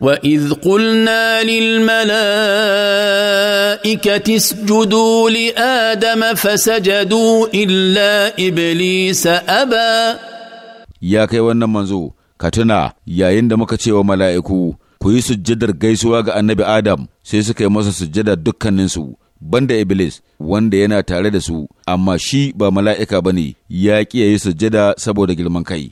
واذ قلنا للملائكه اسجدوا لادم فسجدوا الا ابليس ابى ya kai wannan manzo ka tuna yayin da muka ce wa mala'iku ku yi sujjadar gaisuwa ga annabi adam sai suka yi masa sujjada dukkaninsu banda iblis wanda yana tare da su amma shi ba mala'ika bane ya ya yi sujjada saboda girman kai